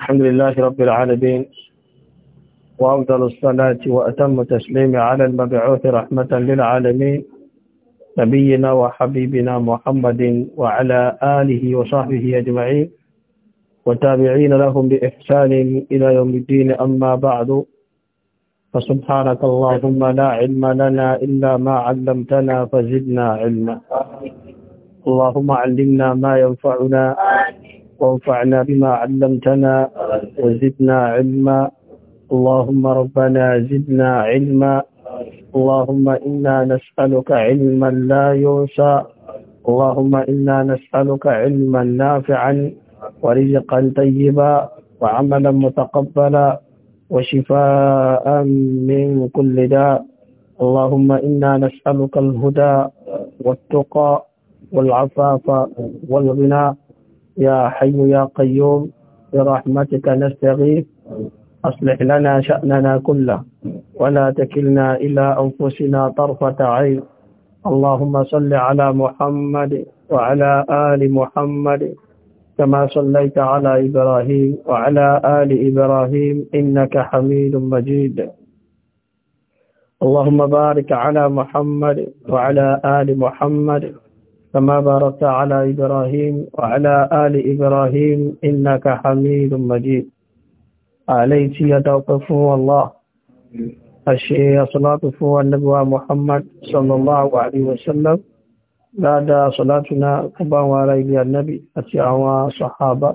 الحمد لله رب العالمين وأفضل الصلاة وأتم تسليم على المبعوث رحمة للعالمين نبينا وحبيبنا محمد وعلى آله وصحبه أجمعين وتابعين لهم بإحسان إلى يوم الدين أما بعد فسبحانك اللهم لا علم لنا إلا ما علمتنا فزدنا علما اللهم علمنا ما ينفعنا آمين وانفعنا بما علمتنا وزدنا علما اللهم ربنا زدنا علما اللهم إنا نسألك علما لا ينسى اللهم إنا نسألك علما نافعا ورزقا طيبا وعملا متقبلا وشفاء من كل داء اللهم إنا نسألك الهدى والتقى والعفاف والغنى يا حي يا قيوم برحمتك نستغيث أصلح لنا شأننا كله ولا تكلنا إلى أنفسنا طرفة عين اللهم صل على محمد وعلى آل محمد كما صليت على إبراهيم وعلى آل إبراهيم إنك حميد مجيد اللهم بارك على محمد وعلى آل محمد كما باركت على إبراهيم وعلى آل إبراهيم إنك حميد مجيد عليك يتوقف الله الشيء صلاة فو النبوة محمد صلى الله عليه وسلم بعد صلاتنا كبا وعلى النبي أتعوى صحابة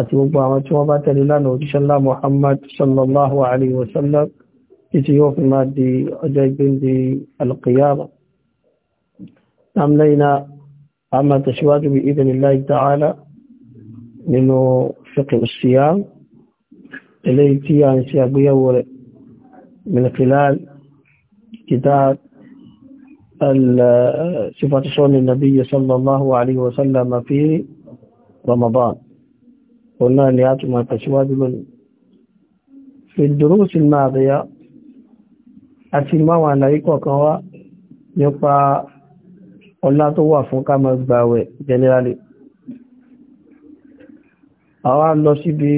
أتوبة وتوبة لله وجسلا محمد صلى الله عليه وسلم يتيوف ما دي أجيب دي القيامة أملينا عما تسواج بإذن الله تعالى من فقه الصيام إليه تيان عن سياقية من خلال كتاب صفة صون النبي صلى الله عليه وسلم في رمضان قلنا ما لأتما من في الدروس الماضية أتما وأنا يكوكوا يقع ọlá tó wà fún ká máa gbàwẹ̀ generally àwa lọ síbi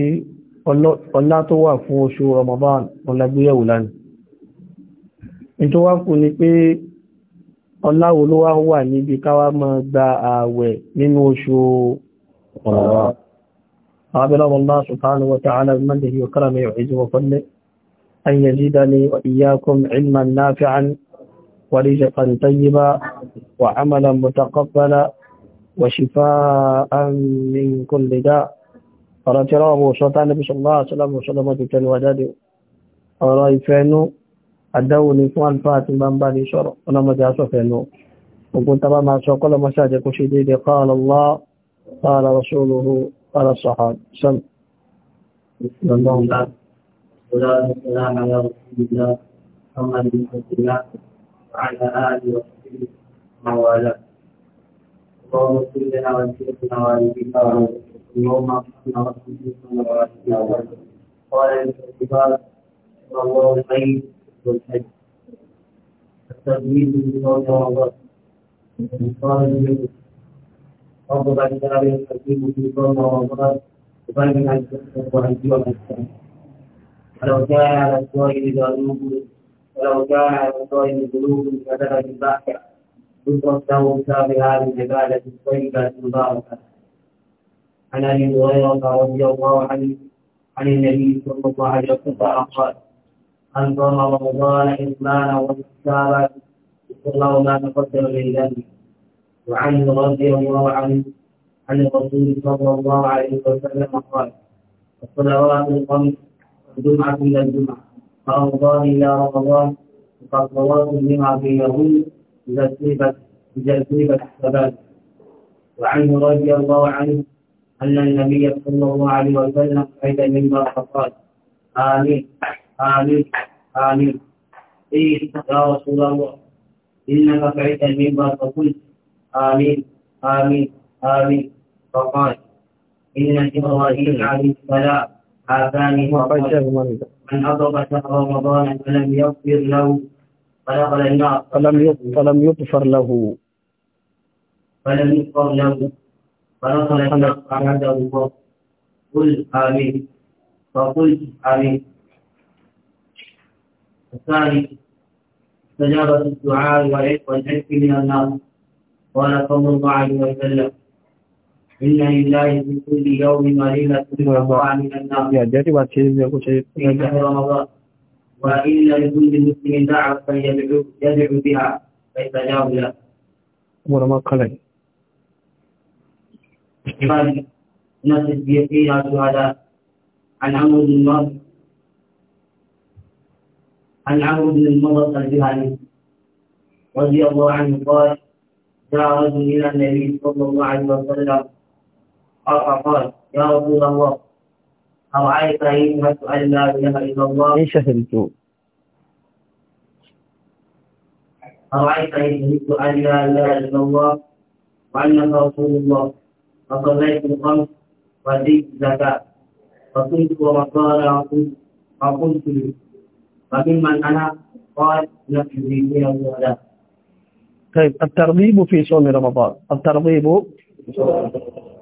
ọlá tó wà fún oṣù Ramadan ọlágbéyàwó lánìí ní tó wá kù ni pé ọlá wo ló wá wà níbi káwá máa gba ààwẹ̀ nínú oṣù Ramadan أعبد سبحانه وتعالى بمنه وكرمه وعزه وفضله أن يزيدني وإياكم علما نافعا ورزقا طيبا وعملا متقبلا وشفاء من كل داء فراترى ابو سلطان صلى الله عليه وسلم وسلم تلوداد أرأي فنو ادوني فان فاطمه بن شر انا ما جاسو فنو وكنت ما سو كل ما ساجه كشيدي قال الله قال رسوله قال الصحابه سم الله والسلام على رسول الله محمد بن عبد الله على آله وصحبه ومن والاه اللهم اغفر لنا ولشيخنا والدينا اللهم اغفرنا وسلمنا وعافنا وعافنا قال الاعتبار صلى الله البيت والحج التجويد بصوت الله قال الجنود رب العالمين الحكيم في صوم رمضان يبين عن الشرك والعدوان والسلام ولو جاء على السوء لذلوه ولو كان لصائم قلوب كذبت البحث يفرد له بهذه العبادة الطيبة المباركة. عن ابي هريره رضي الله عنه عن النبي صلى الله عليه وسلم قال: أنظر رمضان اثمانا واحتسابا يغفر له ما تقدم من ذنبه. وعن رضي الله عنه عن الرسول صلى الله عليه وسلم قال: الصلوات الخمس الجمعه إلى الجمعة فأرضان إلى رمضان وخطوات بما في يهود إذا تجذبت الثبات وعنه رضي الله عنه أن النبي صلى الله عليه وسلم عيد من فقال آمين آمين آمين إيه يا رسول الله إنك فعلت المنبر فقلت آمين آمين آمين فقال إن إبراهيم عليه السلام آتاني وقد من أضرب شهر رمضان فلم يغفر له فدخل النار فلم فلم يغفر له فلم يغفر له فدخل النار أعاده الله قل آمين فقلت آمين الثاني استجابة الدعاء والعتق من النار قال صلى الله عليه وسلم إن لله في كل يوم وليلة وسواء من النار وإن لكل مسلم دعوة يدعو يدعو بها فيستجاب له. ورما قليل. نفس بيقين الشهداء عن عمرو بن المرض عن عمرو بن المرض الجهني رضي الله عنه قال جاء رجل إلى النبي صلى الله عليه وسلم فقال يا رسول الله أرأيت إن شهدت أن لا إله إلا الله إن شهدت أرأيت إن أن لا إله إلا الله وأنك رسول الله فصليت الخمس وأديت الزكاة فصمت أقول وقلت لي فممن أنا قال نفسي من الولاء طيب الترغيب في صوم رمضان الترغيب في صوم رمضان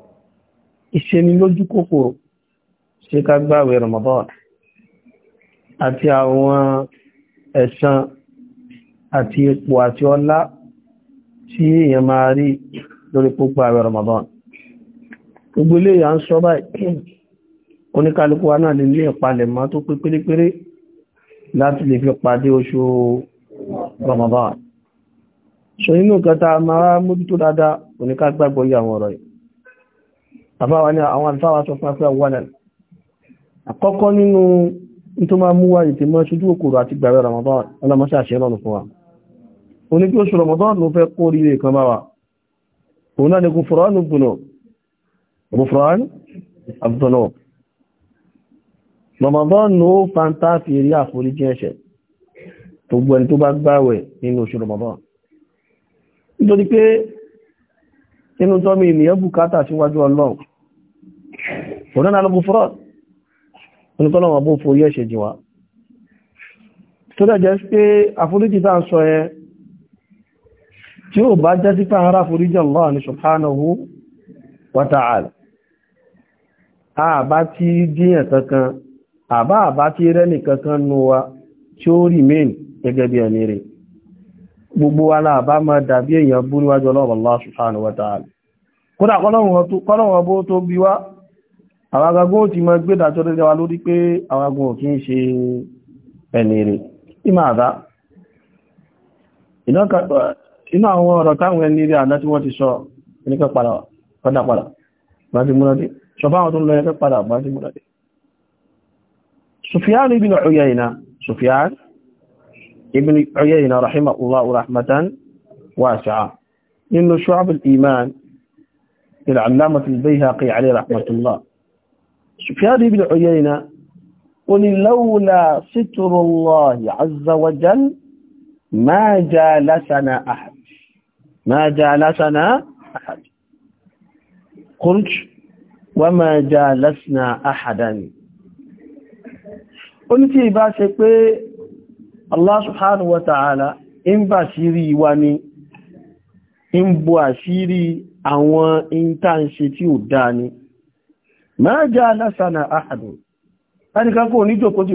ìṣeni lójú kòkòrò ṣe ká gbààwẹ̀ Ramadan àti àwọn ẹ̀san àti ipò àti ọlá tí èèyàn máa rí lórí púpọ̀ àwẹ̀ Ramadan gbogbo ilé ìyà ń sọ báyìí oníkálukú wa náà lè ní ìpalẹ̀mọ́ tó pé pérépéré láti lè fi pàdé oṣù Ramadan ṣe nínú kẹta mara mójútó dáadáa oníkágbàgbọ́ yà wọn rọ̀ yìí bàbá wa ní àwọn àtàwà sọ fún afẹ́ wọ́nà àkọ́kọ́ nínú tó máa mú wá ìtì mọ́ ṣojú òkúrò àti gbàrẹ̀ Ramadan ọlọ́mọṣẹ́ àṣẹ lọ́nà fún wa o ní kí ó ṣe Ramadan ló fẹ́ kó fanta fi rí àforíjì ẹ̀ṣẹ̀ tó gbọ́ ẹni tó bá gbàwẹ̀ nínú oṣù Ramadan nítorí pé nínú tọ́mì ènìyàn bùkátà síwájú Ọlọ́run هنا على الغفران ونقول لهم أبو فويش جوا sọ́dọ̀ jẹ́ pé àforíjì tàà sọ ẹ tí ó bá jẹ́ sí fáhárá àforíjì Allah ni subhanahu wa ta'ala àbá tí díyàn kankan àbá àbá tí rẹ́nì kankan nù wa tí ó rí mẹ́n gẹ́gẹ́ bí tó bí wá àwọn agagun ti mọ gbé dájọ́ lórí wa lórí pé àwọn agun ò kí ń ṣe ẹni rẹ̀ ìmọ̀ àdá inú àwọn ọ̀rọ̀ táwọn ẹni rẹ̀ àdá tí wọ́n ti sọ ẹnikẹ́ padà padà bájí múradé ṣọfá àwọn tó ń lọ ẹnikẹ́ padà bájí múradé Sufyan ibn Uyayna Sufyan ibn Uyayna rahimahullahu rahmatan wasi'a inú Shu'ab al-Iman lil-Allamah al-Bayhaqi alayhi rahmatullah Sufyan ibn Uyayna ó ní laula sitrullahi azza wa jal ma jalasana ahad ma jalasana ahad qult wa ma jalasna ahadan ó ní tí ìbá ṣe pé Allah in bá ṣírí wa ni in bó àṣírí àwọn in tí ò dáa ni máa já lásànà àhàdù ẹnìkan kò ní jòkó tí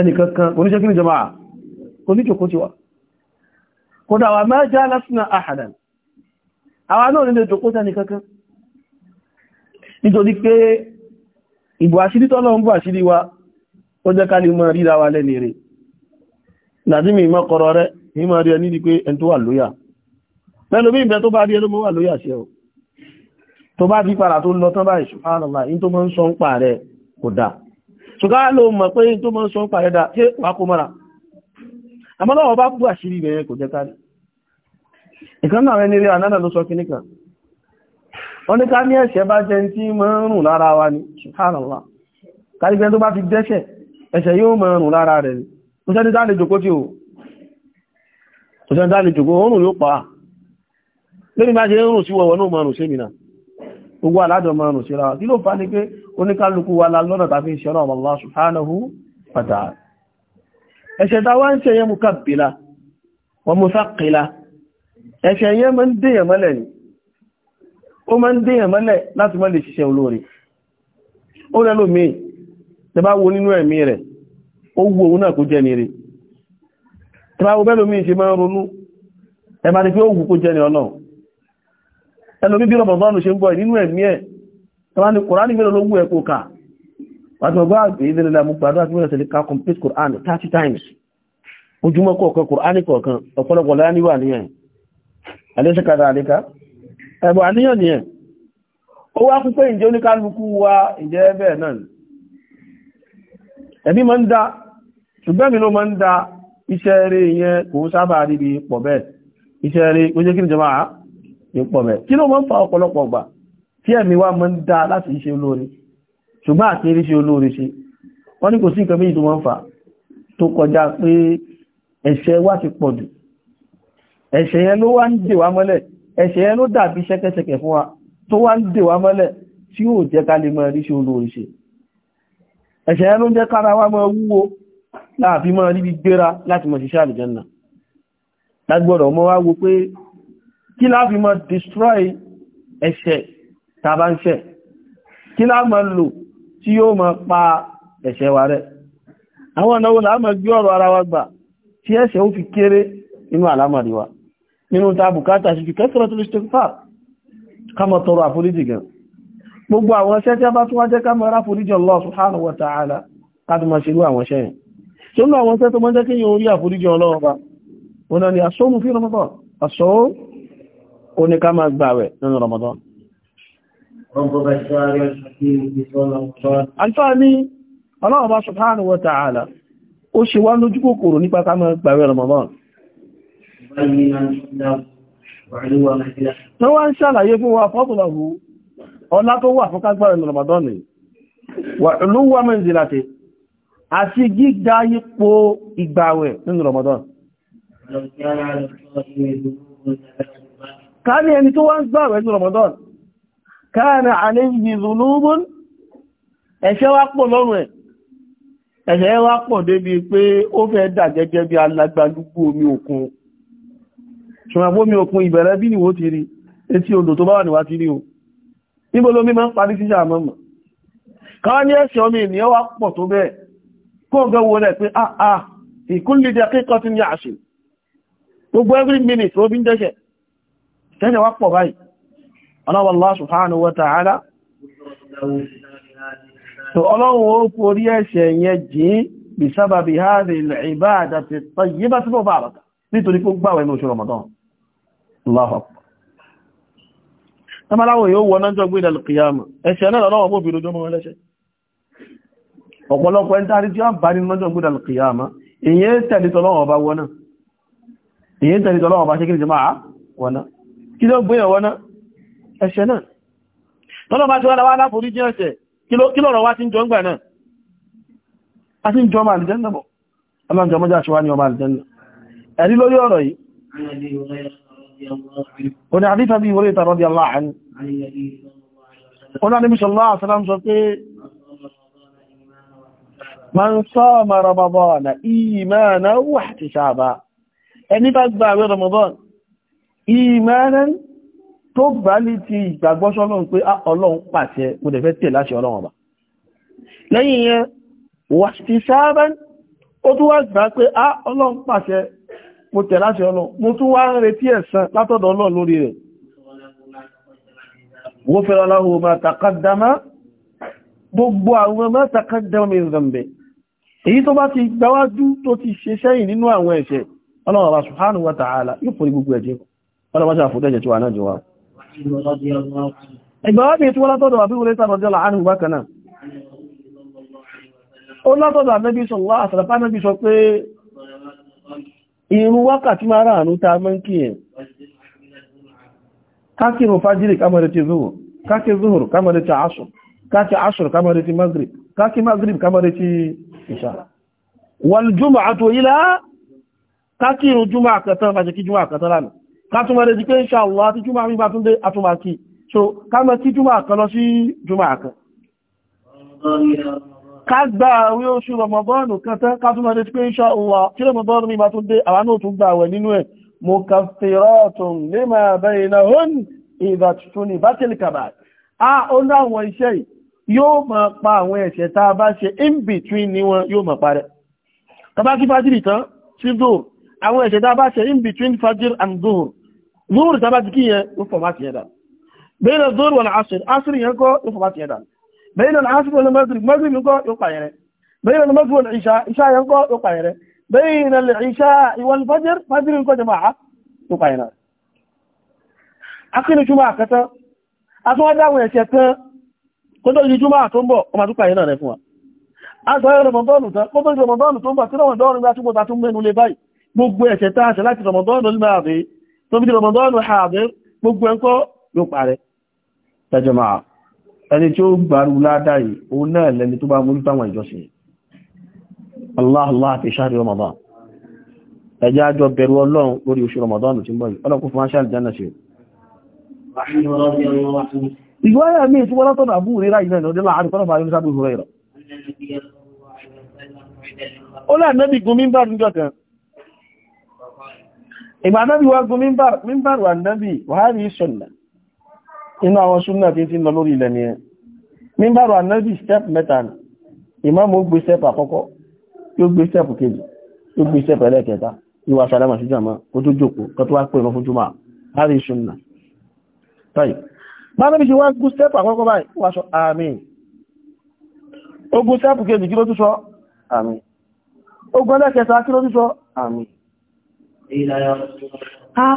ẹnìkan kan kò ní kí ní jama'a kò ní jòkó tí wá kò dáwà máa já lásànà àhàdà àwọn náà nílé jòkó tí ẹnìkan kan nítorí pé ìbò àṣírí tọ́lọ ń bò àṣírí wa ó jẹ́ ká ní mọ́ ríra wa lẹ́ni rẹ̀ làdímì mọ́ kọrọ rẹ̀ ní mọ́ rí ẹni di pé ẹni tó bá fi padà tó lọ tán báyìí subhanallah in tó mọ́ ń sọ ń pa rẹ̀ kò dá ṣùgbá ló mọ̀ pé in tó mọ́ ń sọ ń pa rẹ̀ dá ṣe wà kó mọ́ra àmọ́lọ́wọ́ bá kú àṣírí rẹ̀ kò jẹ́ kárí ìkan náà rẹ̀ nílé ànádà ló sọ kíníkà wọ́n ní ká ní ẹ̀ṣẹ̀ wa ni subhanallah kárí lórí bá ṣe ń rùn sí wọ̀wọ̀ náà mọ́ sí mi owó aládọ̀mọ̀rún síra kí ló fà ní pé oníkálukú wa lọ́nà tàbí ìṣẹ́nà Allah subhanahu wa ta'ala ẹ̀ṣẹ̀ tá wá ń ṣe yẹn wa musaqqila ẹ̀ṣẹ̀ yẹn máa ń dèyàn mọ́lẹ̀ ni ó máa ń dèyàn mọ́lẹ̀ láti mọ́ lè ṣiṣẹ́ olóore ó rẹ̀ lómi tẹ bá wo nínú ẹ̀mí rẹ̀ ó wu ẹlòmí bí rọ̀bọ̀bọ̀nù ṣe ń bọ̀ nínú ẹ̀mí ẹ̀ tọ́wá ní kùránì mẹ́rin ológun ẹ̀kọ́ ká wàtọ̀gbọ́ àgbẹ̀ ìdẹ̀lẹ̀ mú gbàdúrà tí wọ́n ṣe ká complete Quran 30 times ojúmọ́ kọ̀ọ̀kan Quran kọ̀ọ̀kan ọ̀pọ̀lọpọ̀ láníwà níyàn alẹ́ṣẹ́kàdà àríká ẹ̀bọ̀ àníyàn nìyẹn ó wá fún pé ìjẹ́ wa ìjẹ́ bẹ́ẹ̀ náà ẹ̀mí máa ń da ṣùgbọ́n mi ló máa ń da ipò mẹ́ kí ló mọ́ ń fa ọ̀pọ̀lọpọ̀ gbà tí ẹ̀mí wá mọ́ ń dá láti ṣe olóore ṣùgbọ́n àti eré ṣe olóore ṣe wọ́n ní kò sí nǹkan méjì tó mọ́ ń fa tó kọjá pé ẹ̀ṣẹ̀ wa ti pọ̀ jù ẹ̀ṣẹ̀ yẹn ló wá ń dè wá mọ́lẹ̀ ẹ̀ṣẹ̀ yẹn ló dàbí ṣẹ́kẹ́ṣẹkẹ̀ fún wa tó wá ń dè wá mọ́lẹ̀ tí ó jẹ́ ká lè mọ́ rí ṣe olóore ṣe ẹ̀ṣẹ̀ yẹn ló jẹ́ kára wá mọ́ wúwo láàfin mọ́ rí gbéra láti mọ̀ ṣiṣẹ́ àlùjànnà lágbọ́dọ̀ mọ́ wá wo pé kí la fi máa destroy ẹ̀ṣẹ̀ tàbá ń ṣẹ̀ kí la máa lò tí yóò máa pa ẹ̀ṣẹ̀ wa rẹ̀ àwọn ọ̀nà wo la máa gbé ọ̀rọ̀ ara wa gbà tí ẹ̀ṣẹ̀ ó fi kéré nínú àlámọ̀rí wa nínú ta bùkátà sí kẹsọ̀rọ̀ a bá tún wá jẹ́ ká máa Allah subhanahu wa ta'ala ká tún máa ṣerú àwọn iṣẹ́ yẹn tó ní àwọn iṣẹ́ tó máa jẹ́ kí yóò rí àforíjì ó ní ká máa gbààwẹ̀ nínú Ramadan Alfáàní, Ọlọ́run bá Subhanahu wa ta'ala, ó ṣe wá lójú kòkòrò nípa ká máa gbààwẹ̀ Ramadan. Tó wá ń ṣàlàyé fún wa fọ́tùlọ̀hù, ọlá tó wà fún ká gbààwẹ̀ Ramadan ni, ká ní ẹni tó wá ń gbààwẹ̀ ní Ramadan kana alayhi dhunubun ẹ̀ṣẹ̀ wá pọ̀ lọ́rùn ẹ̀ ẹ̀ṣẹ̀ wá pọ̀ débi pé ó fẹ́ dà gẹ́gẹ́ bí alágbálúgbú omi òkun ṣùgbọ́n omi òkun ìbẹ̀rẹ̀ bí nìwó ti rí etí odò tó bá wà níwá ti rí o níbo lómi máa ń ah, ah, gbogbo every minute ó bí ń dẹ́ṣẹ̀ tẹ́jẹ̀ wá pọ̀ báyìí Allah subhanahu wa ta'ala so ọlọ́run ó forí ẹ̀ṣẹ̀ yẹn jìn bí sábàbí hadhihi al-ibadati at-tayyibati mubaraka nítorí kó gbàwẹ̀ ní oṣù Ramadan Allahu akbar tamaláwọ̀ yóò wọ náà jọgbé ìdàlùkìyàmù bá nínú jọgbé ìdàlùkìyàmù èyí tẹ̀lé wọ́nà kí ló gbé ọ̀wọ́ náà ẹ̀ṣẹ̀ náà tọ́lọ́ bá ti wá láwá láforí jẹ́ ẹ̀ṣẹ̀ kí lọ́rọ̀ wá ti ń jọ ń gbà náà a ti ń jọ ọmọ àlìjẹ́nà bọ̀ aláǹjọ mọ́já ṣe wá ní ọmọ àlìjẹ́nà ẹ̀rí lórí ọ̀rọ̀ yìí ó ní àdífà bí ìwọlé ìtàrọ̀ di aláàánú ó sọ pé man sọ́ọ̀mà Ramadan ìmánà wà ti sáàbà ẹni bá gbà àwẹ̀ Ramadan ìmẹ́rin tó bá ní ti ìgbàgbọ́ sọ́lọ́run pé ah, ọlọ́run pàṣẹ mo dẹ̀ fẹ́ tẹ̀ láṣẹ ọlọ́run ọba lẹ́yìn yẹn wà ti sáábẹ́ ó tún wá gbà pé ah, ọlọ́run pàṣẹ mo tẹ̀ láṣẹ ọlọ́run mo tún wá ń retí ẹ̀san látọ̀dọ̀ ọlọ́run lórí rẹ̀ wọ́n fẹ́ ọlọ́run ọba tàkàdàmá yóò forí gbogbo ẹ̀jẹ̀ ọlọ́wọ́sá fútẹ́jẹ̀ tí wà náà jọwà ìgbàwà bí i tí wọ́n látọ́dọ̀ àbí wọlé tàbàdọ́là àrùn bákanáà ó látọ́dọ̀ àmẹ́bí sọ̀lá àsàràpá mẹ́bí sọ pé irun wákàtí mara àrùn ta mọ́ kí ẹ̀ kákìrò fájírì kámọ̀rẹ̀tì zuhur kákì zuhur kámọ̀rẹ̀tì asùn kákì asùn kámọ̀rẹ̀tì magrib kákì magrib kámọ̀rẹ̀tì ìṣà wal jumu'atu ila fàṣẹ́kí jumu'a àkàtán lánàá látúnmọ̀ rẹ̀ sí pé inshallah tí jùmọ̀ àmì bá tún dé àtúnmà kí so ká mọ̀ sí jùmọ̀ kan lọ sí jùmọ̀ kan ká gbà orí oṣù rọmọbọ́ọ̀nù kan tán ká túnmọ̀ rẹ̀ sí pé inshallah tí rọmọbọ́ọ̀nù mi bá tún dé àwọn náà tún gbà wẹ̀ nínú ẹ̀ mukaffiratun lima bainahun idha tunibatil kabair a ó láwọn iṣẹ́ yóò máa pa àwọn ẹ̀ṣẹ̀ tá a bá ṣe in between ni wọn yóò máa parẹ́ tá bá kí fájìrì tán sí zuhur àwọn ẹ̀ṣẹ̀ tá a bá ṣe in between fájìrì and zuhur zuhur ta bá ti kíyẹn ń fọ̀má ti yẹn dà bẹ́ẹ̀nà zuhur wọn asir asir yẹn kọ́ ń fọ̀má ti yẹn dà bẹ́ẹ̀nà asir wọn maghrib maghrib kọ́ yóò yẹrẹ bẹ́ẹ̀nà maghrib wọn isha isha yẹn kọ́ yóò pa yẹrẹ bẹ́ẹ̀nà isha wọn fajr fajr kọ́ jama'a yóò pa yẹrẹ akínú jùmọ̀ àkẹta asọ́wọ́dáwọn ẹ̀ṣẹ̀ tán kó tó yí jùmọ̀ tó ń bọ̀ ọmọ àtúkà yìí náà rẹ̀ fún wa asọ́yọ́ rọmọdọ́nù tán kó tó yí rọmọdọ́nù tó ń bọ̀ tí rọmọdọ́nù bá tó bí rọmọdọ́nù ààbẹ̀ gbogbo ẹ̀kọ́ yóò parẹ́ tẹjọmọ̀ ẹni tí ó gbàrú ládá yìí òun náà lẹni tó bá mú táwọn ìjọsìn Allah Allah àti ṣáàrí rọmọdọ́n ẹjá àjọ bẹ̀rù ọlọ́run lórí oṣù rọmọdọ́nù tí ń bọ̀ yìí ọlọ́kùn fún aṣáàrí jẹ́ náà ṣe ìgbáyà mi tí wọ́n látọ̀nà àbúrú rírá bá yóò sábú kan ìgbà náàbí wá gún mímbàrù ànábì wàhálì ìṣọ̀nà inú àwọn súnnà tí ti lọ lórí ilẹ̀ ni ẹ mímbàrù ànábì step mẹ́ta ni ìmáàmù gbé step àkọ́kọ́ yóò gbé step kejì yóò gbé step ẹlẹ́kẹta yóò wá sàlámà sí jàmá ó tó jókòó kọ́ tó wá pè wọn fún jùmọ̀ hálì ìṣọ̀nà báyìí bá náàbí ṣe wá gún step àkọ́kọ́ báyìí kejì kí ló tún sọ àmín ó ẹlẹ́kẹta kí ló tún sọ àmín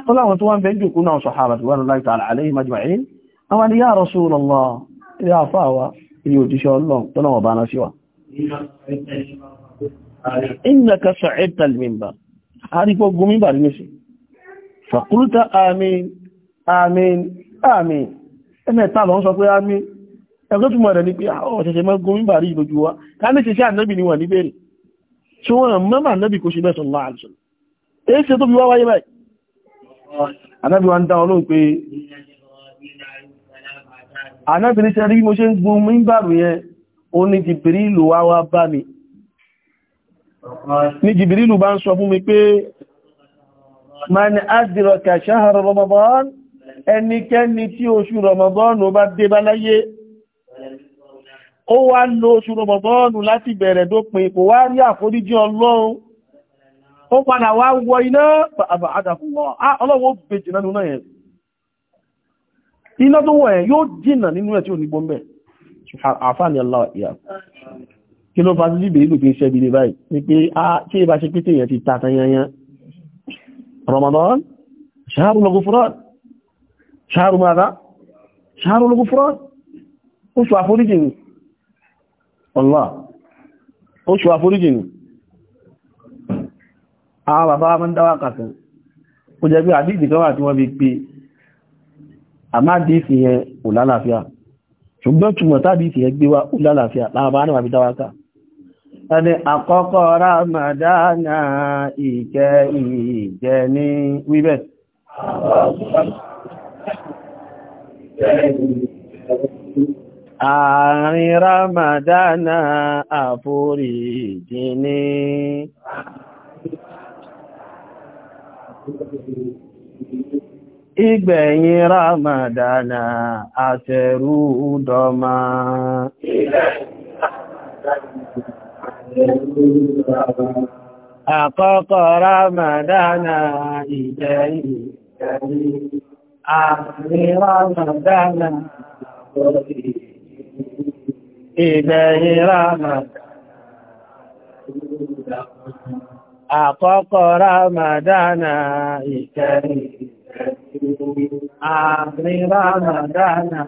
Ọláwọn tó wá ń bẹ jùkú náà sọ̀hábà tí wọ́n láìta àlàyé majma'in, àwọn ni yá Rasulullah, ilé àfáàwà, ilé òjíṣẹ́ Ọlọ́run tó náà bá náà síwá. Innaka sa'idta al-minbar, a rí pọ́ gúnmí bà nínú sí. Faqulta amin, amin, amin, ẹmẹ́ta lọ sọ pé amin, ẹgbẹ́ túnmọ̀ rẹ̀ ní pé àwọn ah, ṣẹ̀ṣẹ̀ mọ́ gúnmí bà wa, ká ní ṣe èyí ṣe tó fi wá wáyé báyìí anábí wa ń dá ọlọ́run pé anábí ní sẹ́rí mo ṣe ń gbọ́ mú ìbàrù yẹn ó ní jìbìrìlù wá wá bá mi ní jìbìrìlù bá ń sọ fún mi pé man adraka shahra Ramadan ẹnikẹ́ni tí oṣù Ramadan bá dé bá láyé ó wá lọ oṣù Ramadan láti bẹ̀rẹ̀ dópin kò wá rí àforíjì ọlọ́run ó padà wá wọ iná àbàdàfúnwọ́ ọlọ́wọ́ bèjì nánú náà yẹn iná tó wọ̀ ẹ̀ yóò jìnà nínú ẹ̀ tí ò ní gbọ́m̀bẹ̀ àfáàní aláwọ̀ ìyá kí ló fásitì ìbèrè ìlú fi ń ṣẹ́bi lè a ah, ṣe bá ṣe pété yẹn ti Ramadan ṣáàrù lọ́gọ́fúrán ṣáàrù máa dá ṣáàrù lọ́gọ́fúrán oṣù àforíjì Allah oṣù àforíjì ni àwọn bàbá mọ́ dáwà kàkàn ó jẹ́ pé àdíjì kan wà tí wọ́n fi pé àmádìísì yẹn ò lálàáfíà ṣùgbọ́n túnmọ̀ tàbíìsì yẹn gbé wá ò lálàáfíà láàbá náà fi dáwà ramadana ìkẹ́ ìjẹ àárín ramadana àforíjì ní Ìgbẹ̀yìn Ramadana àtẹ̀rù dọmọ. Àkọ́kọ́ Ramadana ìgbẹ̀yìn àti Ramadana ìgbẹ̀yìn Ramadana àkọ́kọ́ rámàdánà ìkẹrì ààrin rámàdánà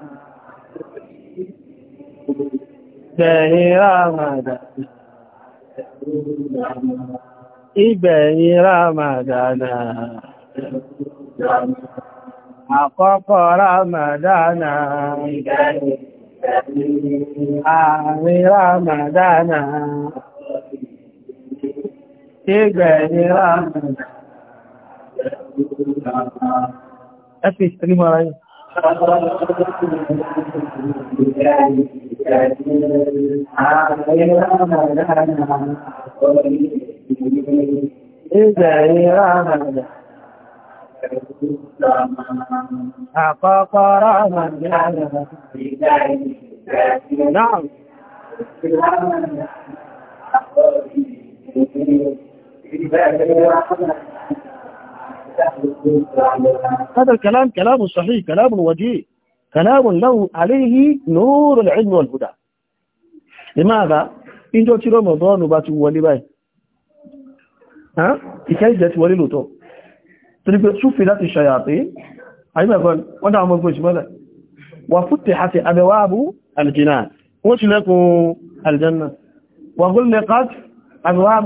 ìgbẹ̀yìn rámàdánà ìgbẹ̀yìn rámàdánà àkọ́kọ́ rámàdánà ìkẹrì ààrin rámàdánà ìgbẹ̀yìnrà ẹ̀fì ìtìlímọ̀ ara yìí Ìgbẹ̀yìnrà Àkọ́kọ́rọ́ ọmọ ìgbà ìgbà ìgbà هذا الكلام كلام صحيح كلام وجيه كلام له عليه نور العلم والهدى لماذا انتو تشيروا رمضان وباتوا ولي باي ها كيف جت ولي لوتو تريد تشوف في ذات الشياطين اي ما قال وانا ما قلت ولا وفتحت ابواب الجنان وش لكم الجنه وقل لقد ابواب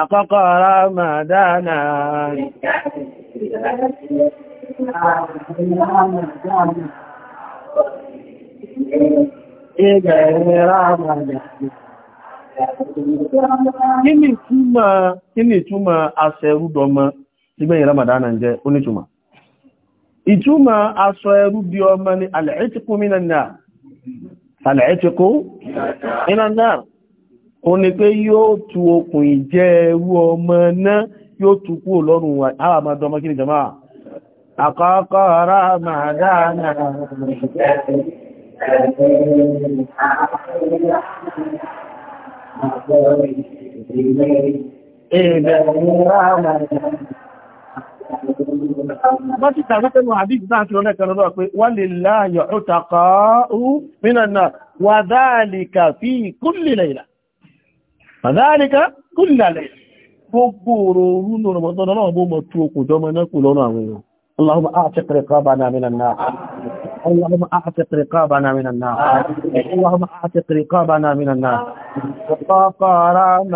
àkọ́kọ́ Ramadana ìgbẹ̀rẹ̀ Ramadana Kí ni túmọ̀ kí ni túmọ̀ aṣẹrúdọmọ ìgbẹ̀yìn Ramadana jẹ́ onítúmọ̀? Ìtúmọ̀ aṣọ ẹrú bí ọmọ ni alẹ́ẹ̀tíkú mínà náà. Alẹ́ẹ̀tíkú mínà náà. ó ní pé yóò tú okùn ìjẹ ẹrú ọmọ náà yóò tú kú lọ́rùn àwọn ọmọ kíni jama àkọ́kọ́ ara màdánà Bọ́tí tàbátẹ́ mọ̀ náà tí ọlẹ́kẹ̀ lọ́wọ́ pé wà lè láàyọ̀ ó mínà náà wà dáàlì kà fàdáríká كل ليلة gbogbo òòrùn رمضان ọmọdún ọlọ́run bó mọ̀ tú اللهم اعتق رقابنا من النار اللهم اعتق رقابنا من النار اللهم اعتق رقابنا من النار وطاف رمضان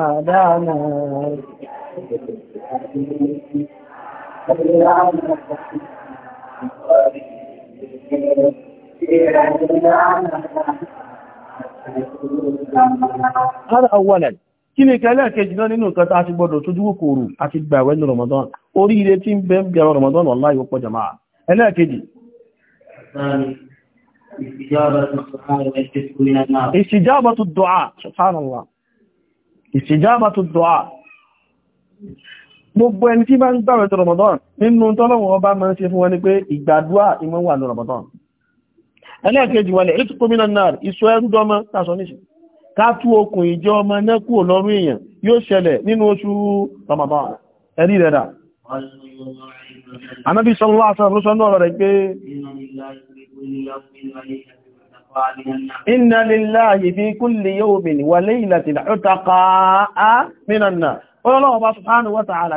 هذا اولا kí ni kẹlẹ́ kejì náà nínú nǹkan tá a ti gbọdọ̀ tójú kòrò àti gbàwẹ̀ ní Ramadan oríire tí ń bẹ ń bí àwọn Ramadan wallahi ó pọ̀ jàmáà ẹlẹ́ẹ̀kejì ìṣìjábàtú dùá subhanallah ìṣìjábàtú dùá gbogbo ẹni tí bá ń gbàwẹ̀ tó Ramadan nínú tọ́lọ́wọ́ ọba máa ń ṣe fún wọn ni pé ìgbàdúà ìmọ̀ wà ní Ramadan ẹlẹ́ẹ̀kejì wà ní ìtùkú mínà náà ìṣọ́ ẹrú dọ́mọ́ níṣẹ́ ká tú okùn ìjọ ọmọ náà kúrò lọ́rùn èèyàn yóò ṣẹlẹ̀ nínú oṣù Ramadan ẹ̀rí rẹ̀ rà anábí sọ́lọ́wọ́ àṣà ló sọ́nà ọ̀rọ̀ rẹ̀ pé inna lillahi fi kulli yawmin wa laylatin utaqa'a minan nar ọlọ́wọ́ bá subhanahu wa ta'ala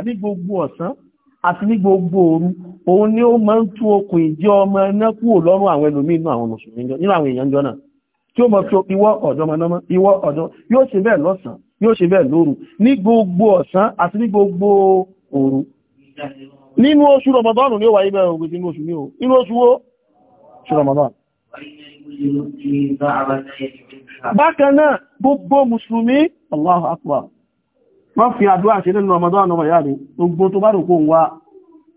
ní náà tí ó mọ̀ tó ìwọ ọ̀dọ́ mọ̀nàmọ́ ìwọ ọ̀dọ́ yóò ṣe bẹ́ẹ̀ lọ́sàn yóò ṣe bẹ́ẹ̀ lóru ní gbogbo ọ̀sán àti ní gbogbo òru nínú oṣù Ramadan ní ó wáyé bẹ́ẹ̀ ogun nínú oṣù ní o nínú oṣù wo ṣù Ramadan bákan náà gbogbo mùsùlùmí Allah akwa wọ́n fi àdúrà ṣe nínú Ramadan ọmọ ìyá rẹ̀ gbogbo tó bá rò kó wá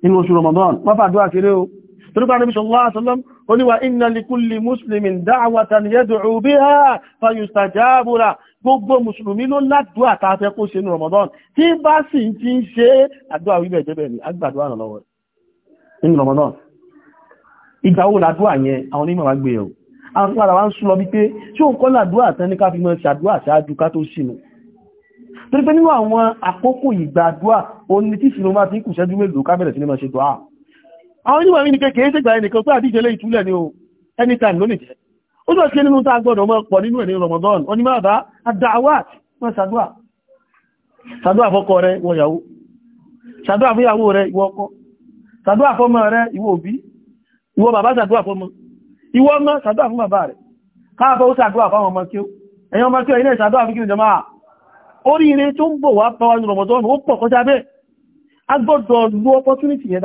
nínú oṣù Ramadan wọ́n fi àdúrà ṣe rẹ̀ o torípa níbi sallallahu alaihi wasallam oníwà inna likulli muslimin da'watan yad'u biha fayustajabu lah gbogbo mùsùlùmí ló ládùá àtàfẹ́ kó ṣe ní Ramadan tí bá sì ti ń ṣe àdúrà wíbẹ̀ jẹ́bẹ̀ ní agbàdúrà ràn lọ́wọ́ nínú Ramadan ìgbà wo làdúrà yẹn àwọn onímọ̀ wá gbé ẹ̀wò e àwọn padà wá ń súnlọ bí pé tí ó ń kọ́ làdúrà tán ní ká fi mọ́ ṣàdúrà ṣáájú ká tó sínú torí àwọn oníwà ní kéèkéé ṣègbà ẹnìkan pé àdíjẹlé ìtúlẹ̀ ni o anytime ló lè jẹ́ ó sọ sí nínú tá gbọ́dọ̀ mọ́ pọ̀ nínú ẹ̀ní Ramadan ó ní máa bá àdáwà wọ́n ṣàdúà ṣàdúà fọ́kọ rẹ ìwọ ìyàwó ṣàdúà fún ìyàwó rẹ ìwọ ọkọ ṣàdúà fọ́mọ rẹ ìwọ òbí ìwọ bàbá ṣàdúà fọ́mọ ìwọ ọmọ ṣàdúà fún bàbá rẹ káàfọ́ ó ṣàdúà fáwọn ọmọ kí ó ẹ̀yàn ọmọ kí Ramadan ó pọ̀ kọjá bẹ́ẹ̀ a opportunity yẹn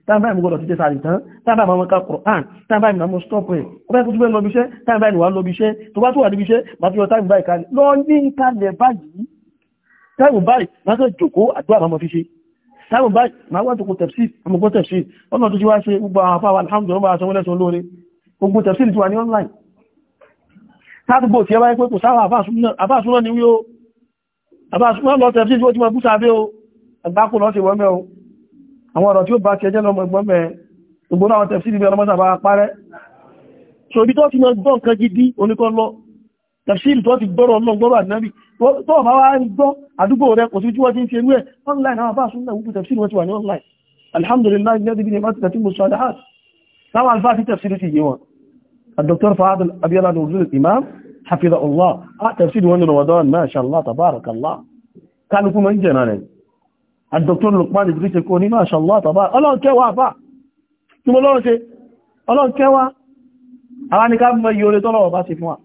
tábà ìmú gbọ́dọ̀ títẹ́ sàrì tán tábà ìmọ̀ ká Qur'an tábà ìmọ̀ mọ́ stọ́pù ẹ̀ ó fẹ́ tó túbẹ̀ lọ́bi iṣẹ́ tábà ìmọ̀ lọ́bi iṣẹ́ tó bá tó wà níbi iṣẹ́ bá tó yọ tábà ìka lọ ní ìkalẹ̀ báyìí tábà báyìí má kàn jòkó àdúrà má mọ́ fi ṣe tábà báyìí má wà tó kó tẹ̀sí àmọ́ kó tẹ̀sí ọ̀nà tó ti wá ṣe gbogbo àwọn afáwà alhamdulillah sọ wọlé sọ lóore gbogbo tẹ̀sí ti wà ní online tábùgbò tí ẹ bá yẹ pé kò sáwà àfáàsúná ni wí o àfáàsúná lọ tẹ̀sí tí wọ́n ti mọ̀ bú sáfẹ́ o àgbákò lọ́ sí wọ́n mẹ́ o àwọn ọ̀rọ̀ tí ó bá ti ẹjẹ́ lọ́mọ ẹgbọ́n mẹ́ ìgbóná àwọn tẹ̀fsí ìbẹ̀ ọlọ́mọ́sà bá parẹ́ so ibi tó ti mọ́ gbọ́n kan gidi oníkan lọ tẹ̀fsí tó ti gbọ́rọ̀ ọlọ́ gbọ́rọ̀ àdínábì tó bá wá ń gbọ́ àdúgbò rẹ kò sí tí wọ́n ti ń fi ewé online àwọn bá súnlẹ̀ wúkú tẹ̀fsí wọ́n ti wà ní online alhamdulillah ní ẹdí bí ní máa ti tẹ̀sí mo ah, sọ àdọ̀tún Lukman Idris kò oh, ní máa ṣàlọ́ àtàbà ọlọ́ọ̀kẹ́wà àbá tí mo lọ́rọ̀ ṣe ọlọ́ọ̀kẹ́wà ara ní ká mọ́ iye orí tọ́lọ́wọ̀ bá ṣe fún wa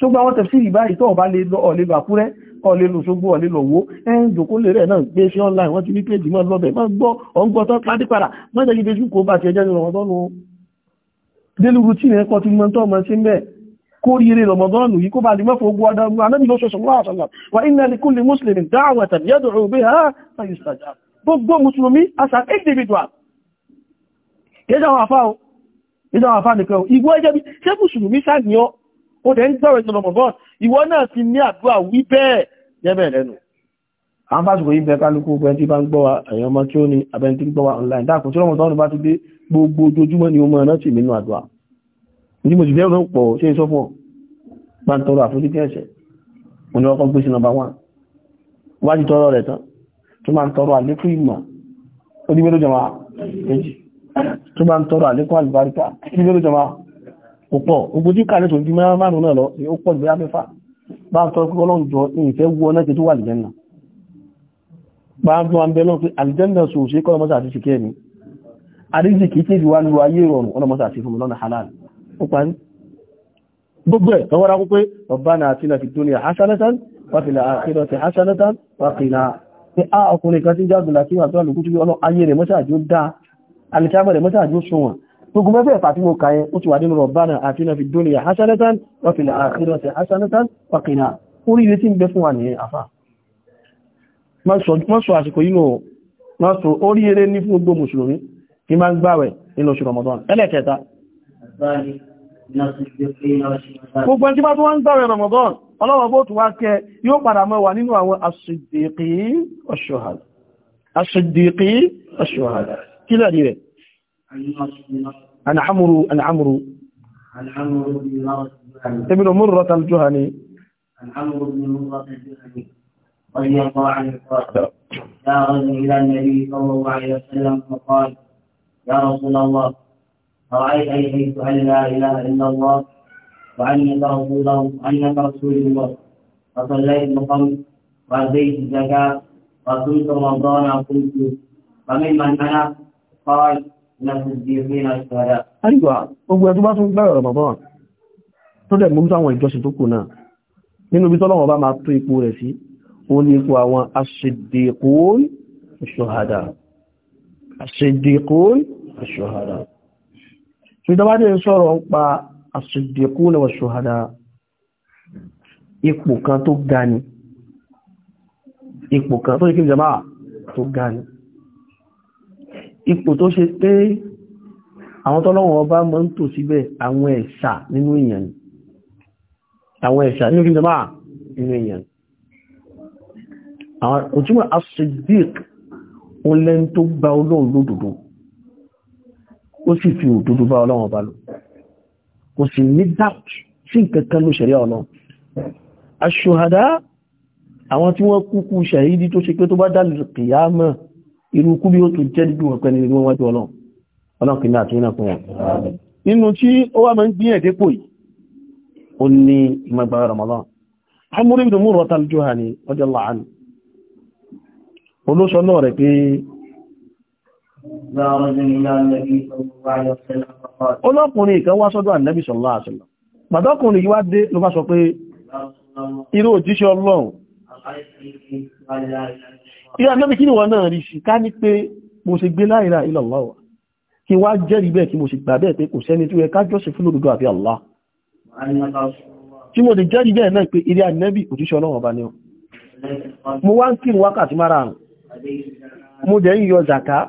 ṣùgbọ́n àwọn tẹ̀sí ìbáyìí tọ́ ọ̀bá lè lọ ọ̀lẹ́ àkúrẹ́ ọ̀lẹ́ lòṣogbo ọ̀lẹ́ lọ́wọ́ ẹ̀yìn jòkó lè rẹ̀ náà gbé sí online wọ́n ti ní péjì mọ́ lọ́bẹ̀ mọ́ gbọ́ ọ̀gbọ́ tán pàdé padà kó rí eré Ramadan yìí kó bá lè mọ́fọ́ ogun ọdọ́ mú anábì lóṣọ́ṣọ́ wáṣọ́lá wa inna li kulli muslimin da'watan yad'u biha fayustajab gbogbo mùsùlùmí as an individual kéjà wà fáwọn ìjọ àfá nìkan ìwọ ẹjẹ́ bí ṣe mùsùlùmí sáàníọ́ ó dẹ̀ ń gbọ́rọ̀ ìjọ Ramadan ìwọ náà ti ní àdúrà wí bẹ́ẹ̀ jẹ́bẹ̀ lẹ́nu àwọn fásitì yìí bẹ kálukú pẹ́ tí bá ń gbọ́ wa èèyàn ọmọ tí ó ní abẹ́ tí ń gbọ́ wa online gbogbo ojoojúmọ́ ni ó mọ ẹ̀rọ tì mí nínú mo sì fẹ́ rán pọ̀ ṣe ń sọ fún ọ bá ń tọrọ àforíjì ẹ̀ṣẹ̀ òní ọkọ̀ gbé sí nọmba wán wá ti tọrọ rẹ̀ tán tó máa ń tọrọ àlékún ìmọ̀ ó ní mélòó jọmọ́ méjì tó máa ń tọrọ àlékún àlùbáríkà ní mélòó jọmọ́ ó pọ̀ ogun tí kàlẹ́ tó ń bí márùn náà lọ ó pọ̀ ìgbéyà mẹ́fà bá ń tọrọ pé ọlọ́run jọ ìfẹ́ halal ó gbogbo ẹ̀ tọwọ́ra kú pé rabbana atina fid dunya hasanatan wa fil akhirati hasanatan wa qina pé á ọkùnrin kan tí jágun láti wà tó àlùkú tí ọlọ́ ayé rẹ̀ mọ́sáàjú dá alìkámọ̀ rẹ̀ mọ́sáàjú sunwọ̀n gbogbo mẹ́fẹ́ ẹ̀fà tí mo kàyẹ ó ti wà nínú rabbana atina fid dunya hasanatan wa fil akhirati hasanatan wa qina orí ilé tí ń gbé fún wa Gbogbo ẹni tí bá tó wá ń gbààwẹ̀ Ramadan, ọlọ́wọ́ bó tó wá kẹ yóò padà mọ́ wà nínú àwọn as-siddiqin ash-shuhada. As-siddiqin ash Kí lẹ́rí rẹ̀? An'amru, An'amru. Ibn Murrah al-Juhani. رضي الله عنه يا رسول الله أرأيت أن حيث أن لا إله إلا الله وأنك رسول وأنك رسول الله فصليت الخمس وأديت الزكاة وصمت رمضان وقمت فممن أنا قال من الصديقين الشهداء. أيوة gbogbo ẹ̀ tó bá tún gbẹ̀rẹ̀ Ramadan tó dẹ̀ mú sáwọn ìjọsìn tó kù náà nínú ibi tọ́lọ́wọ́ bá máa tó ipò rẹ̀ sí ó ní ipò àwọn aṣèdèkún ìṣòhàdà aṣèdèkún ìṣòhàdà ìjọba dẹ̀ sọ̀rọ̀ pa as-siddiquna wa shuhada ipò kan tó ga ni ipò kan tó ikú ìjọba tó ga ni ipò tó ṣe pé àwọn tọ́lọ́wọ̀n ọba mọ́ ń tò síbẹ̀ àwọn ẹ̀ṣà nínú èèyàn àwọn ẹ̀ṣà nínú ìjọba nínú èèyàn àwọn òtúmọ̀ as ó sì fi òdodo bá ọlọ́run ọba lò kò sì ní doubt sí nǹkankan ló ṣẹ̀rí ọlọ́run aṣòhàdá àwọn tí wọ́n kúkú ṣàhídí tó ṣe pé tó bá dálù kìyàmọ̀ irú kú bí ó tó jẹ́ nínú ọ̀pẹ́ nínú wọn wájú ọlọ́run ọlọ́run kìí àti Ọlọ́kùnrin ìkan wá sọ́dọ̀ Ànábì sallallahu alaihi wasallam. Bàdọ́kùnrin yíwá dé ló bá sọ pé, irú òjíṣẹ́ Ọlọ́run. Irú Ànábì kí ni wọ́n náà rí sí ká ní pé mo ṣe gbé la ilaha illallah wà. Kí wá jẹ́rìí bẹ́ẹ̀ kí mo ṣe gbà bẹ́ẹ̀ pé Allah. Tí mo lè jẹ́rìí bẹ́ẹ̀ náà pé irú Ànábì òjíṣẹ́ Ọlọ́run ọba ni ó. Mo wá ń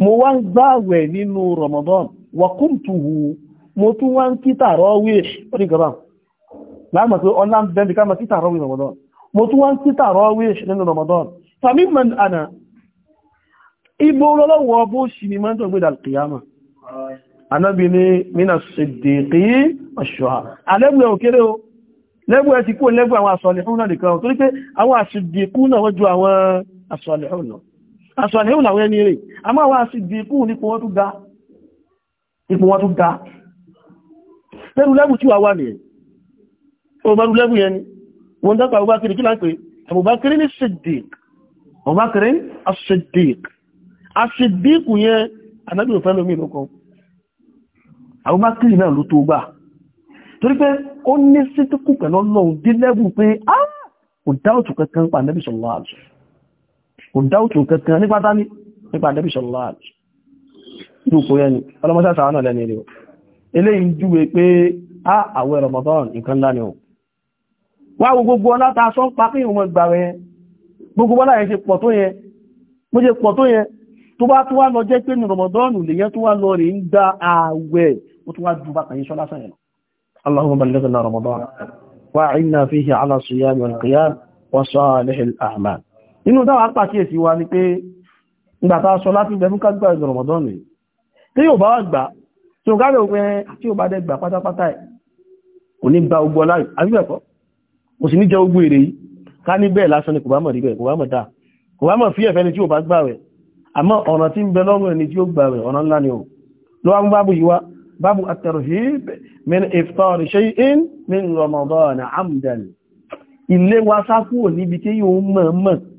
mo wá ń gbààwẹ̀ nínú Ramadan wàkúntùhù mo tún wá ń kí tàràwí ó ní gaba láàmà pé ọlá ń bẹ́ndì káàmà kí tàràwí Ramadan mo tún wá ń kí tàràwí nínú Ramadan fàmí man àná ibo lọ́lọ́wọ́ bó ṣì ní mọ́jọ́ gbé dàlkìyàmà mina ṣèdèkì ọ̀ṣọ́ha alẹ́gbẹ̀ẹ́ òkèrè o lẹ́gbẹ̀ẹ́ ti kó lẹ́gbẹ̀ẹ́ àwọn àṣọ̀lẹ̀hún náà nìkan torí pé àwọn àṣìdèkú náà wọ́n ju aṣọ àníhùn làwọn ẹni rẹ̀ a máa wá sí di ikú nípo wọ́n tó ga ipò wọ́n tó ga lẹ́rù lẹ́bù tí wà wà nìyẹn o bá rú lẹ́bù yẹn ni wọ́n dápa Abubakar kí láńpẹ́ Abubakar ní Siddiq Abubakar as-Siddiq as-Siddiq yẹn anábì ò fẹ́ lómi lókọ Abubakar náà ló tó gbà torí pé ó ní sítíkù pẹ̀lú ọlọ́run dé lẹ́bù pé ah kò dáòtù kankan pa anábì sallallahu alaihi wasallam kò dáútù kankan nípa tání nípa àdẹ́bì sọ̀lọ́láàdì ìrùkú ẹni ọlọ́mọsá sàánà lẹ́ni rẹ̀ eléyìí júwe pé á àwẹ̀ Ramadan nǹkan ńlá ni ó wá gbogbo ọlá ta sọ pa kí ìwọ̀n gbà rẹ̀ gbogbo ọlá yẹn ṣe pọ̀ tó yẹn mo ṣe pọ̀ tó yẹn tó bá tó wá lọ jẹ́ pé ní Ramadan lè yẹn tó wá lọ rè ń gba àwẹ̀ ó tó wá ju bá kàyín sọ́lá sàn yẹn Allahumma ballighna Ramadan wa'inna fihi ala siyam wal qiyam wa salih al a'mal inú dáwà pàkíyèsí wa ni pé ìgbàta aṣọ láti ìgbẹ̀mú kágbà ìgbọ̀rọ̀mọ̀dán ni tí yóò bá wà gbà tí ó gáàrẹ̀ òpin àti ah, òbá dẹ́gbà pátápátá ẹ̀ kò ní gba ogbọ́ láì àbíbẹ̀kọ́ kò sì ní jẹ ogbó èrè yìí ká ní bẹ́ẹ̀ lásán ni kò bá mọ̀ rí bẹ́ẹ̀ kò bá mọ̀ dáa kò bá mọ̀ fíẹ̀fẹ́ ni tí ò bá gbà rẹ̀ àmọ́ ilé wa sá kúrò níbi tí yóò mọ̀ mọ̀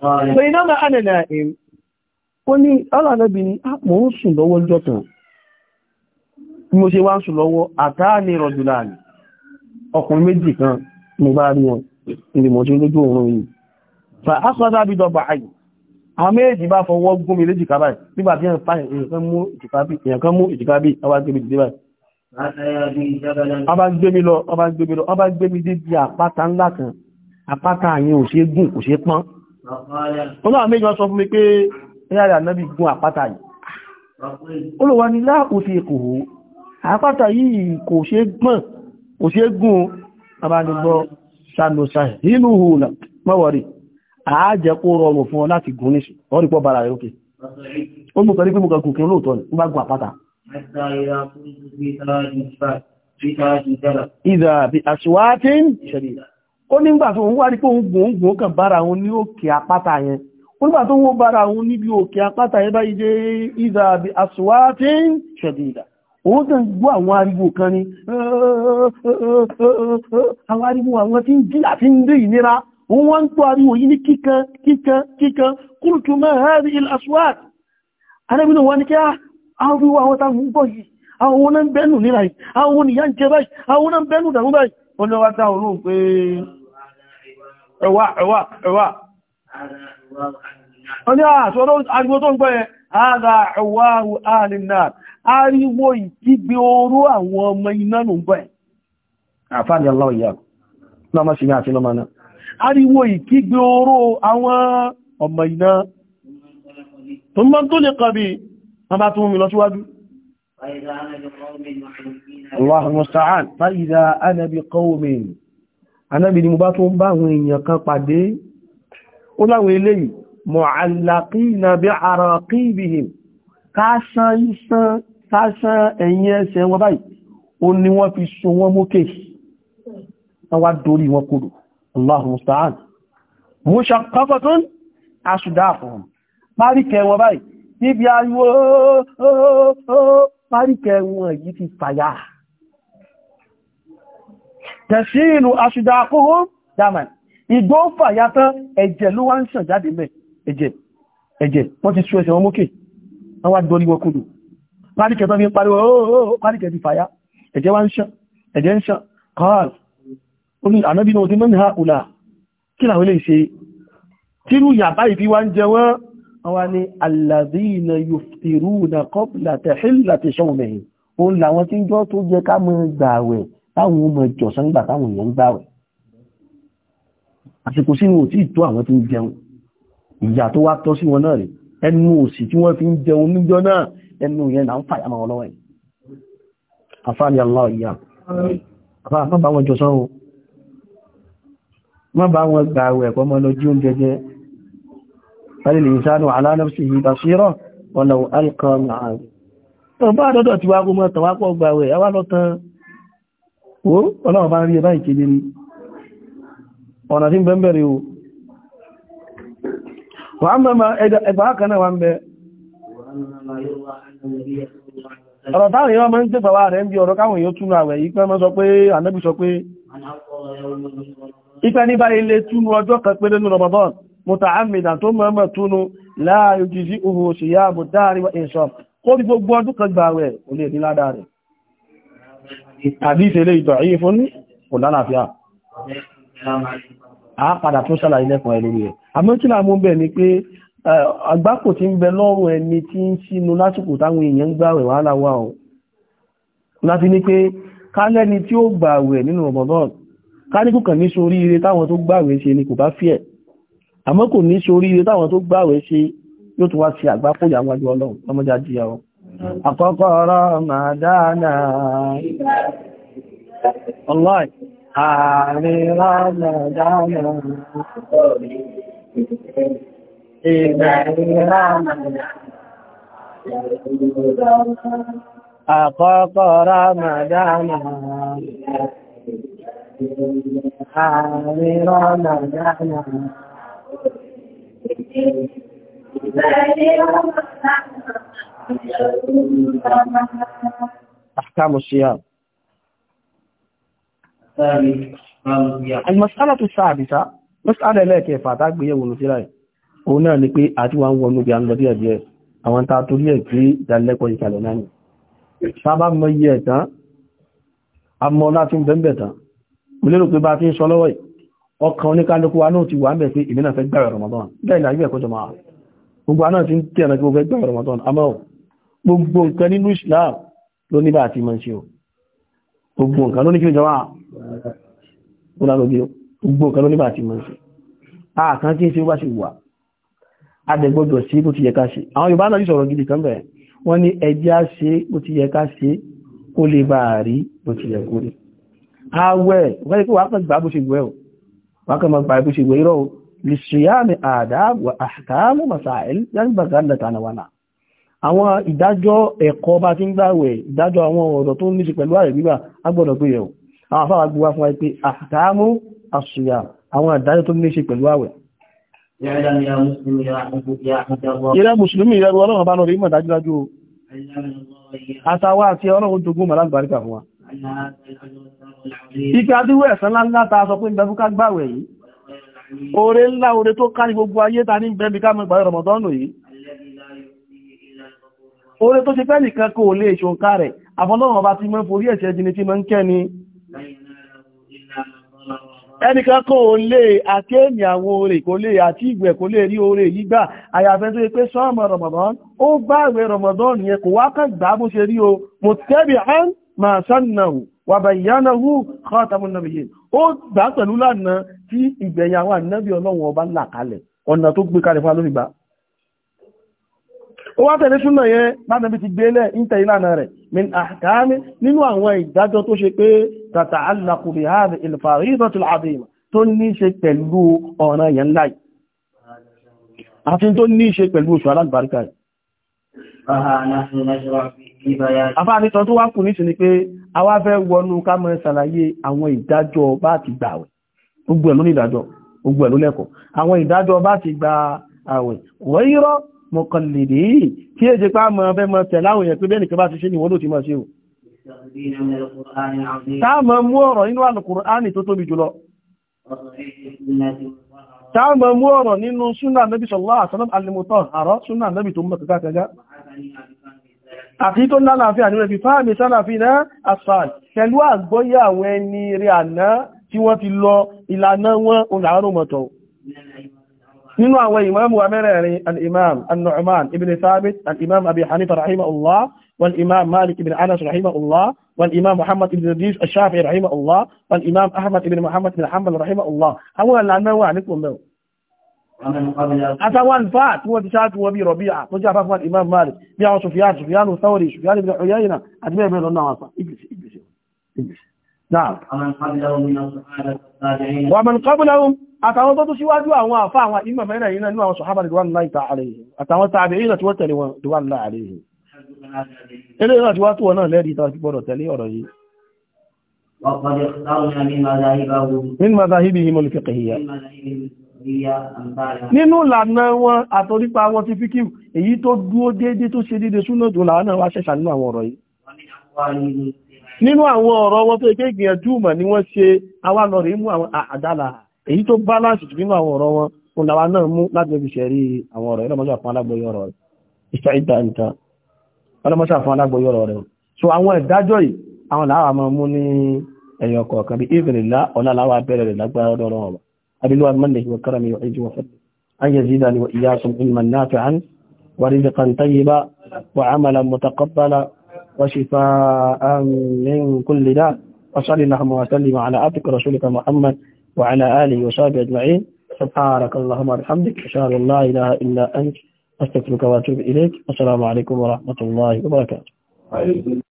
pé iná máa ànàlà èrè ó ní ọlọ́nàbì ni a ah, mọ̀ ń sùn lọ́wọ́ ọjọ́ kan bí mo ṣe wá ń sùn lọ́wọ́ àtàà ní rọ̀dùlà ní ọkùnrin méjì kan mo bá rí wọn ilé mọ̀ tí lójú òun yìí fa akọ́sá bí dọba ayì àwọn méjì bá fọwọ́ gún mi léjìká báyìí nígbà tí èèyàn kan mú ìjìká bí ọba ọlọ́wà méjì wọ́n sọ fún mi pé ẹ̀yàrá ànábì gun àpáta yìí olówà ní láàkùsí èkòó àpáta yìí kò ṣe gbọ́n kò ṣe gún abánigbọ́ sanosan nínú hùlà mọ́wọ̀rí àájẹ́ kó rọrùn fún ọ láti gún níṣì wọ́n rí pọ́ bára rẹ̀ òkè ó mú kọrí pé mú kọkùnkùn lóòtọ́ ní bá gún àpáta ìdà bí àṣíwá tí ń ṣẹlẹ̀ ó nígbà tó ń wá rí pé òun gùn gùn kàn bára òun ní òkè àpáta yẹn ó nígbà tó ń wó bára òun níbi òkè àpáta yẹn báyìí dé ìdá tí ń ìdá òun àwọn kan ni àwọn ariwo àwọn tí ń jí àti ń rí ìnira òun wọ́n ń tó ariwo yìí ní kíkan kíkan kíkan kúrùtù mẹ́hẹ́rì ìlàṣùwá arábìnrin wọn ni kí ariwo àwọn táwọn ń gbọ́ yìí àwọn onáńbẹ́nù níra yìí àwọn báyìí àwọn báyìí dá òun pé ẹ̀wà ẹ̀wà ẹ̀wà ọdí àṣọ́rọ̀ ah, ariwo tó ń gbọ́ ẹ̀ ara ẹ̀wà àrìnà ariwo ìkígbe oró àwọn ọmọ iná nù gbọ́ ẹ̀ àfáàdì aláwọ̀yà lọ́mọ sí ní àti lọ́mọ náà ariwo ìkígbe oró àwọn ọmọ iná tó mọ́ tó lè kọ̀bí wọ́n bá tún mi lọ síwájú Allahumma anábi ni mo bá tún bá àwọn èèyàn kan pàdé ó láwọn eléyìí mu'allaqina bi araqibihim káṣán ìsán káṣán ẹ̀yìn ẹsẹ̀ wọn báyìí ó ní wọ́n fi so wọ́n mókè wọ́n wá dórí wọn kúrò Allahu musta'an mushaqqafatun oh, oh, oh, yìí ti fàyà tẹ̀sílù aṣìdákúrú dámà ìgbó fàyátán ẹ̀jẹ̀ ló wá ń ṣàn jáde mẹ́ ẹ̀jẹ̀ ẹ̀jẹ̀ wọ́n ti sú ẹsẹ̀ wọn mókè wọ́n wá dorí wọn kúrò páríkẹ̀ tó fi ń pariwo ooo oh, oh, oh, páríkẹ̀ ti fàyá ẹ̀jẹ̀ wá ń ṣàn ẹ̀jẹ̀ ń ṣàn kọ́ọ̀l orí ànábí náà ti mọ́ ní ha kùlà kí làwọn lè táwọn ọmọ ìjọsán nígbà táwọn èèyàn ń gbàwẹ̀ àsìkò sínú ò tí ìtó àwọn tó ń jẹun ìyà tó wá tọ́ sí wọn náà rẹ̀ ẹnu òsì tí wọ́n fi ń jẹun níjọ́ náà ẹnu yẹn náà ń fàyàmà ọlọ́wọ́ ẹ̀ àfáàlì aláwọ̀ ìyá àfáà má bá wọn jọ sọ́wọ́ má bá wọn gbà àwẹ̀ ẹ̀kọ́ mọ́ lọ jí oúnjẹ jẹ pẹ̀lú ìsánú alánàfsì yìí bá tí wá kó mọ́ tọ̀wápọ̀ gbà àwẹ̀ ẹwà lọ́tàn o wà ń bẹ̀mà ẹgbà ákaná wà ń bẹ̀ ọ̀rọ̀ táwọn èèyàn máa ń tẹ́ bàwà rẹ̀ ń bí ọ̀rọ̀ káwọn èèyàn túnú àwẹ̀ yìí pẹ́ mọ́ sọ pé ànábì sọ pé ipẹ́ ní báyìí lè túnú ọjọ́ kan pé nínú Ramadan muta'ammidan tó mọ́mọ́ túnú la yujizuhu siyamu dahri wa insaf kó bí gbogbo ọdún kan hadith eléyìí da'ifun kò lálàáfíà a padà tún ṣàlàyé lẹ́kùn ẹ̀ lórí ẹ̀ amókílà mú bẹ̀ ni pé àgbákò tí ń bẹ lọ́rùn ẹni tí ń sínú lásìkò táwọn èèyàn ń gbàwẹ̀ wàhálà wà ọ̀ láti ní pé kálẹ́ni tí ó gbàwẹ̀ nínú ọ̀bọ̀bọ̀n káníkù kàn ní sórí ire táwọn tó gbàwẹ̀ ṣe ni kò bá fíẹ̀ àmọ́ àkọ́kọ́ ọ̀rọ̀ màdánà ọlọ́ì àrírá màdánà ìgbàrírá màdánà àkọ́kọ́ ọ̀rọ̀ màdánà àrírá màdánà Ìgbàrírá màdánà أحكام الصيام المسألة الثابتة مسألة لا كيف تقبل ونسيري هنا نقول أتوا ونو بيان لدي أجي àwọn ta torí ẹ̀ pé ìdánilẹ́kọ̀ọ́ ìkàlẹ̀ náà ni sábà mọ iye ẹ̀tàn àmọ́ láti ń bẹ̀m̀bẹ̀ tán mo lérò pé bá ti ń sọ lọ́wọ́ ọkàn oníkálukú wa náà ti wà ń bẹ̀ pé ìmìnà fẹ́ gbẹ̀rẹ̀ Ramadan bẹ́ẹ̀ ni ayé ẹ̀kọ́jọ máa gbogbo náà ti ń tẹ̀ẹ̀nà kí mo fẹ́ gbẹ̀rẹ̀ Ramadan àmọ́ gbogbo nǹkan nínú Islam ló ní bá àti mọ́ ṣe o gbogbo nǹkan ló ní kí ìjọba gbogbo nǹkan ló ní bá àti mọ́ ṣe àkàn kí n ṣe ó bá ṣe wà adẹ̀gbọ́dọ̀ sí bó ti yẹ ká ṣe àwọn Yorùbá náà sọ̀rọ̀ gidi kan bẹ̀rẹ̀ wọ́n ní ẹjẹ́ ṣe bó ti yẹ ká ṣe kó lè bá rí bó ti yẹ kó rí àwẹ̀ wọ́n kí wákàn gbà bó ṣe gbẹ́ o wákàn máa gbà bó ṣe gbẹ́ irọ́ lè ṣe yá mi àdáàbò àkàámù masáìl yánbàgá lẹ́tàánà wà náà àwọn ìdájọ́ ẹ̀kọ́ bá ti ń gbàwẹ̀ ìdájọ́ àwọn ọ̀rọ̀ tó ní ṣe pẹ̀lú ààrẹ gbígbà agbọ́dọ̀ pé yẹ̀wò àwọn afáwà gbígbà fún wa pé àtàmú àṣùyà àwọn ìdájọ́ tó ní ṣe pẹ̀lú ààwẹ̀ ìrẹ́ mùsùlùmí ìrẹ́rù ọlọ́run bá lọ́rọ̀ ìmọ̀ dájúdájú o àtàwà àti ọlọ́run jogún mọ̀ lágbàríkà fún wa ìpé adúrú ẹ̀sán láńlá ta sọ pé ìbẹ̀fúká gbàwẹ̀ yìí oore ńlá oore tó kárí gbogbo ayé ta ní ìbẹ̀bí ká mọ̀ ìgbàrẹ̀ rọ̀mọ̀dọ́nù yìí oore tó ṣe fẹ́ nìkan kò lè ṣonká rẹ̀ àfọlọ́wọ̀n bá ti mọ́ forí ẹ̀ṣẹ̀ jini tí mọ́ ń kẹ́ ni ẹnìkan kò lè àkéèmì àwọn oore kò lè àti ìgbẹ̀ kò lè rí oore yìí àyàfẹ́ tó yẹ pé sọ́ọ̀mọ̀ Ramadan ó bá Ramadan yẹn kò wá kàn gbà bó ṣe rí o mo tẹ́bì án máa sannahu wa bayyanahu khatamun nabiyyin ó gbà pẹ̀lú lánàá tí ìgbẹ̀yàwó ànábì ọlọ́run ọba là ọ̀nà tó gbé kalẹ̀ fún alórígbà ó wá tẹ̀lé súnà yẹn lánàbí ti gbélẹ̀ ìntẹ̀ ìlànà rẹ̀ min ahkami nínú àwọn ìdájọ́ tó ṣe pé tata'allaqu bi hadhihi al-fariidati al-'azima tó ní ṣe pẹ̀lú ọ̀ràn yẹn láì àti tó ní ìdájọ́ bá ti lẹ́kọ̀ọ́ àwọn ìdájọ́ bá ti gbà àwẹ̀ wọ́n yírọ́ mọ̀kànlèdè tí è jẹ́ pá mọ̀ ọ̀fẹ́ mọ̀ tẹ̀láwọn èèyàn pé bẹ́ẹ̀ nìkan bá ti ṣe ní wọ́n ló ti máa ṣe o táàmọ̀ mú ọ̀rọ̀ nínú alùkùránì tó tóbi jùlọ táàmọ̀ mú ọ̀rọ̀ nínú súnà nẹ́bí sallallahu alaihi wasallam alimutọ́ àrọ́ súnà nẹ́bí tó mọ̀ kàkàkàkà àti tó nínú àwọn ìmáàmù wa al-imam an-nu'man ibn thabit al-imam abi hanifa rahimahullah wal-imam malik ibn anas rahimahullah wal-imam muhammad ibn إدريس الشافعي shafii rahimahullah wal-imam ahmad ibn muhammad ibn hanbal rahimahullah àwọn ìlànà wà ní kùnbẹ̀ àtàwọn atawan tí wọ́n ti ṣáàtù wọ́n bí bi rabi'a tó fa àfáfún imam malik bí àwọn sufyan sofiyan sauri sofiyan ibn uyayna àti bẹ́ẹ̀ bẹ́ẹ̀ lọ́nà wasa iblis iblis iblis náà wà mọ̀ àtàwọn tó tó síwájú àwọn àfá àwọn ìmọ̀ mẹ́rin yìí nínú àwọn sọ̀hábà ní duwan láì tààrí àtàwọn tàbí èyí tí wọ́n tẹ̀lé wọn duwan láàrí ilé náà tí wá tó wọn náà lẹ́rí ìtàwọn ti gbọ́dọ̀ tẹ̀lé ọ̀rọ̀ yìí nínú àwọn ọ̀rọ̀ wọn tó ẹgbẹ́ ìgbìyànjú mọ̀ ni wọ́n ṣe awálọ̀rẹ̀ mú àwọn àdálà èyí tó balance jù nínú àwọn ọ̀rọ̀ wọn fún làwa náà mú láti ẹbí ṣẹ̀rí àwọn ọ̀rọ̀ ẹlọ́mọṣà fún alágbóyé ọ̀rọ̀ rẹ̀ ìdá ìta ọlọ́mọṣà fún alágbóyé ọ̀rọ̀ rẹ̀ so àwọn ìdájọ́ yìí àwọn làwa máa mú ní ẹ̀yọ̀ kọ̀ọ̀kan bí ìfìrìlá ọ̀nà làwa bẹ̀rẹ̀ rẹ̀ lágbára ọ̀rọ̀ ọ̀rọ̀ وعلى آله وصحبه أجمعين سبحانك اللهم وبحمدك أشهد أن لا إله إلا أنت أستغفرك وأتوب إليك السلام عليكم ورحمة الله وبركاته